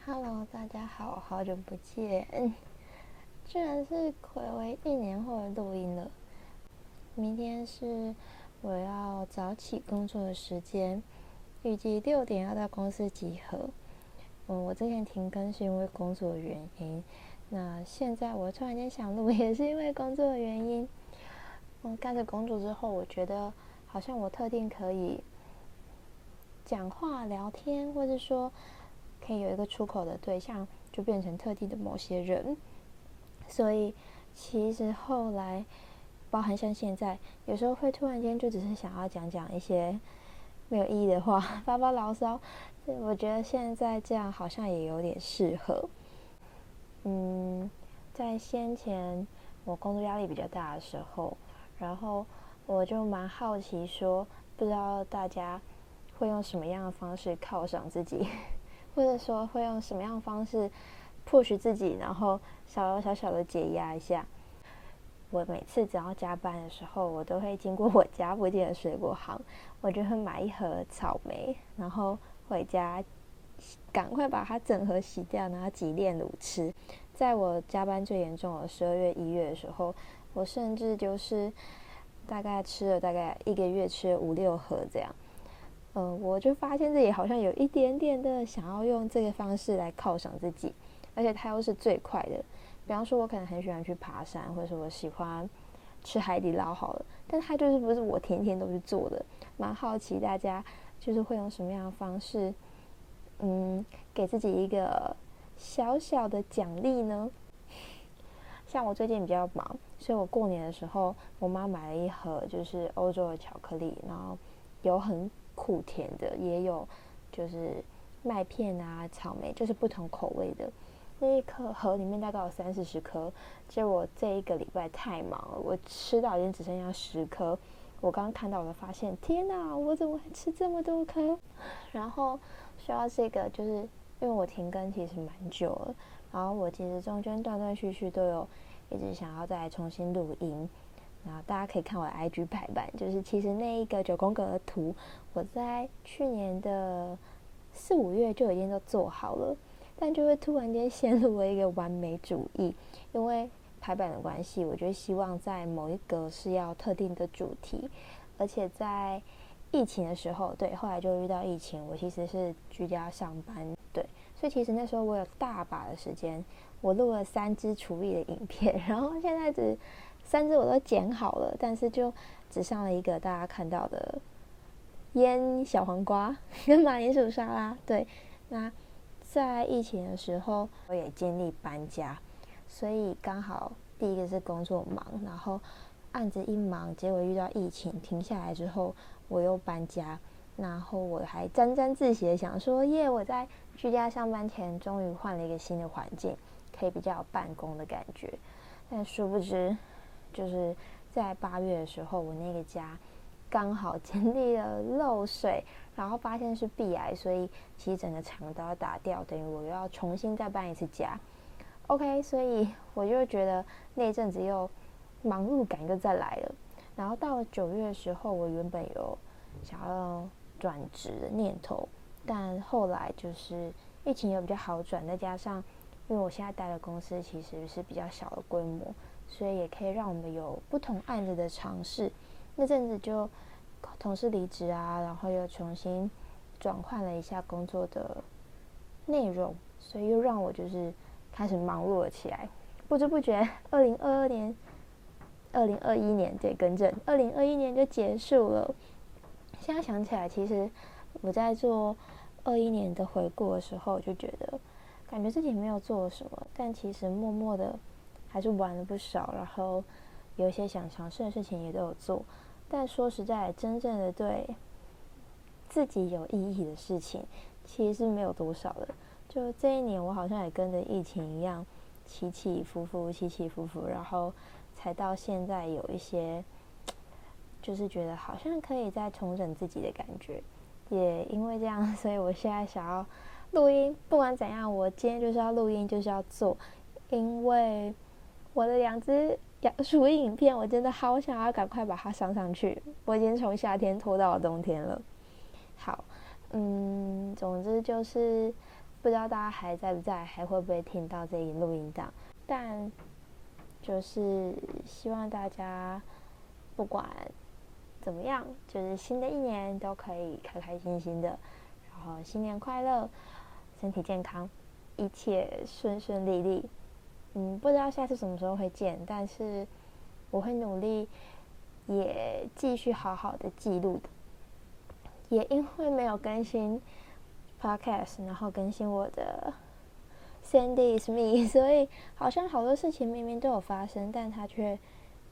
.哈嘍，Hello, 大家好，好久不見。嗯， 居然是暌違一年後的錄音了，明天是我要早起工作的時間，預計六點要到公司集合。嗯，我之前停更是因為工作的原因，那現在我突然間想錄也是因為工作的原因。我、嗯、幹着工作之後，我覺得好像我特定可以講話、聊天，或者說。可以有一個出口的對象，就變成特定的某些人。所以，其實後來，包含像現在，有時候會突然間就只是想要講講一些沒有意義的話，發發牢騷。我覺得現在這樣好像也有點適合。嗯，在先前我工作壓力比較大的時候，然後我就蠻好奇說，不知道大家會用什麼樣的方式犒賞自己。就是說，會用什麼樣的方式迫使自己，然後小，小小小的解壓一下。我每次只要加班的時候，我都會經過我家附近的水果行，我就會買一盒草莓，然後回家趕快把它整盒洗掉，然後擠煉乳吃。在我加班最嚴重的十二月、一月的時候，我甚至就是大概吃了大概一個月，吃了五六盒這樣。嗯，我就發現自己好像有一點點的想要用這個方式來犒賞自己，而且它又是最快的。比方說，我可能很喜歡去爬山，或者是我喜歡吃海底撈好了，但它就是不是我天天都去做的。蠻好奇大家就是會用什麼樣的方式，嗯，給自己一個小小的獎勵呢？像我最近比較忙，所以我過年的時候，我媽買了一盒就是歐洲的巧克力，然後有很。苦甜的也有，就是麥片啊、草莓，就是不同口味的。那一顆盒裡面大概有三四十顆，結果這一個禮拜太忙了，我吃到已經只剩下十顆。我剛剛看到我就發現，天吶，我怎麼還吃這麼多顆？然後說到這個，就是因為我停更其實蠻久了，然後我其實中間斷斷續續都有一直想要再重新錄音。然後大家可以看我的 IG 排版，就是其實那一個九宮格的圖，我在去年的四五月就已經都做好了，但就會突然間陷入了一個完美主義，因為排版的關係，我就希望在某一格是要特定的主題，而且在疫情的時候，對，後來就遇到疫情，我其實是居家上班，對，所以其實那時候我有大把的時間，我錄了三支廚藝的影片，然後現在只。三隻我都剪好了，但是就只上了一個大家看到的醃小黃瓜跟馬鈴薯沙拉。對，那在疫情的時候，我也經歷搬家，所以剛好第一個是工作忙，然後案子一忙，結果遇到疫情停下來之後，我又搬家，然後我還沾沾自喜的想說耶，yeah，我在居家上班前終於換了一個新的環境，可以比較有辦公的感覺，但殊不知。就是在八月的時候，我那個家剛好經歷了漏水，然後發現是壁癌，所以其實整個牆都要打掉，等於我又要重新再搬一次家。OK，所以我就覺得那一陣子又忙碌感又再來了。然後到了九月的時候，我原本有想要轉職的念頭，但後來就是疫情有比較好轉，再加上因為我現在待的公司其實是比較小的規模。所以也可以讓我們有不同案子的嘗試。那陣子就同事離職啊，然後又重新轉換了一下工作的內容，所以又讓我就是開始忙碌了起來。不知不覺，二零二二年、二零二一年，對，更正，二零二一年就結束了。現在想起來，其實我在做二一年的回顧的時候，就覺得感覺自己沒有做什麼，但其實默默的。還是玩了不少，然後有一些想嘗試的事情也都有做，但說實在，真正的對自己有意義的事情，其實是沒有多少的。就這一年，我好像也跟着疫情一樣，起起伏伏，起起伏伏，然後才到現在有一些，就是覺得好像可以再重整自己的感覺。也因為這樣，所以我現在想要錄音。不管怎樣，我今天就是要錄音，就是要做，因為。我的兩隻養鼠影片，我真的好想要趕快把它上上去。我已經從夏天拖到了冬天了。好，嗯，總之就是不知道大家還在不在，還會不會聽到這一錄音檔。但就是希望大家不管怎麼樣，就是新的一年都可以開開心心的，然後新年快樂，身體健康，一切順順利利。嗯，不知道下次什麼時候會見，但是我會努力，也繼續好好的記錄的。也因為沒有更新 Podcast，然後更新我的 Sandy is me，所以好像好多事情明明都有發生，但它卻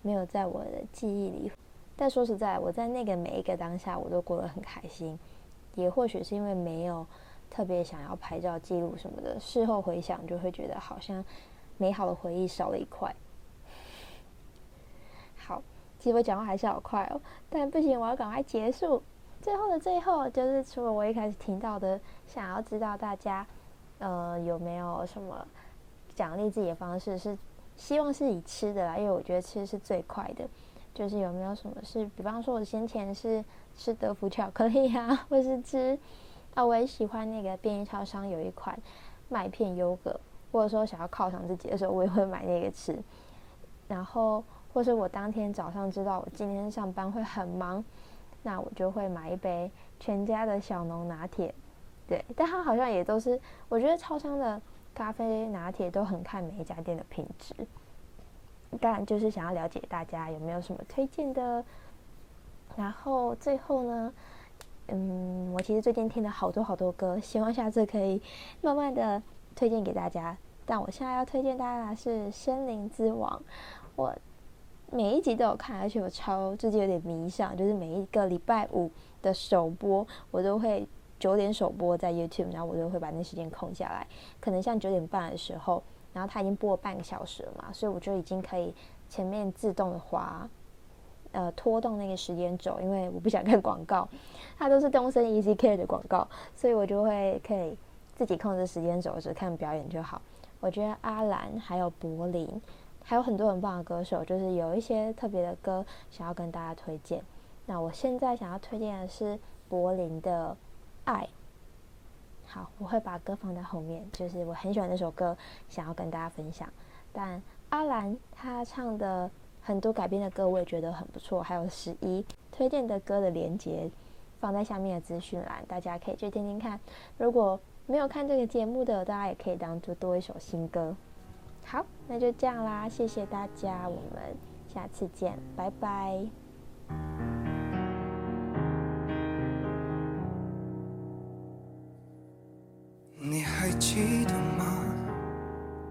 沒有在我的記憶裡。但說實在，我在那個每一個當下，我都過得很開心。也或許是因為沒有特別想要拍照記錄什麼的，事後回想就會覺得好像。美好的回憶少了一塊。好，其實我講話還是好快哦，但不行，我要趕快結束。最後的最後，就是除了我一開始提到的，想要知道大家，呃，有沒有什麼獎勵自己的方式是，是希望是以吃的啦，因為我覺得吃是最快的。就是有沒有什麼事，是比方說，我先前是吃德芙巧克力啊，或是吃啊，我也喜歡那個便利超商有一款麥片優格。或者說想要犒賞自己的時候，我也會買那個吃。然後，或是我當天早上知道我今天上班會很忙，那我就會買一杯全家的小農拿鐵。對，但它好像也都是我覺得超商的咖啡拿鐵，都很看每一家店的品質。當然，就是想要了解大家有沒有什麼推薦的。然後最後呢，嗯，我其實最近聽了好多好多歌，希望下次可以慢慢的。推薦給大家，但我現在要推薦大家的是《聲林之王》。我每一集都有看，而且我超最近有點迷上，就是每一個禮拜五的首播，我都會九點首播在 YouTube，然後我都會把那時間空下來。可能像九點半的時候，然後他已經播了半個小時了嘛，所以我就已經可以前面自動的滑，呃，拖動那個時間軸，因為我不想看廣告，它都是東森 ECK 的廣告，所以我就會可以。自己控制時間走，只看表演就好。我覺得阿蘭還有柏霖，還有很多很棒的歌手，就是有一些特別的歌想要跟大家推薦。那我現在想要推薦的是柏霖的《愛》。好，我會把歌放在後面，就是我很喜歡那首歌，想要跟大家分享。但阿蘭她唱的很多改編的歌，我也覺得很不錯。還有十一推薦的歌的連結放在下面的資訊欄，大家可以去聽聽看。如果沒有看這個節目的，大家也可以當作多一首新歌。好，那就這樣啦，謝謝大家，我們下次見，拜拜。你還記得嗎？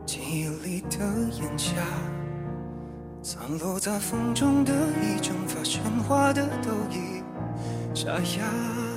記憶裡的炎夏，散落在風中的已蒸發，喧嘩的都已沙啞。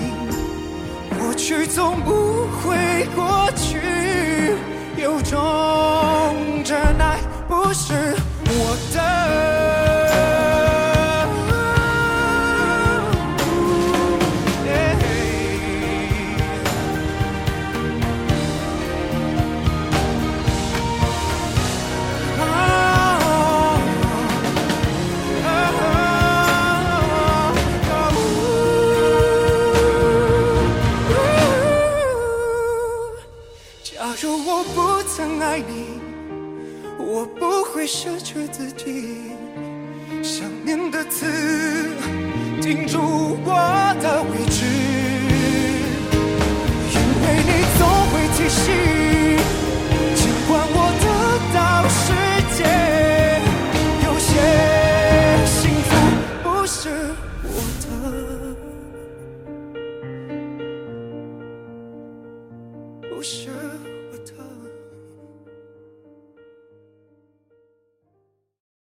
過去總不會過去，有種真愛不是我的。假如我不曾愛你，我不會失去自己。想念的刺，釘住我的位置，因為你總會提醒。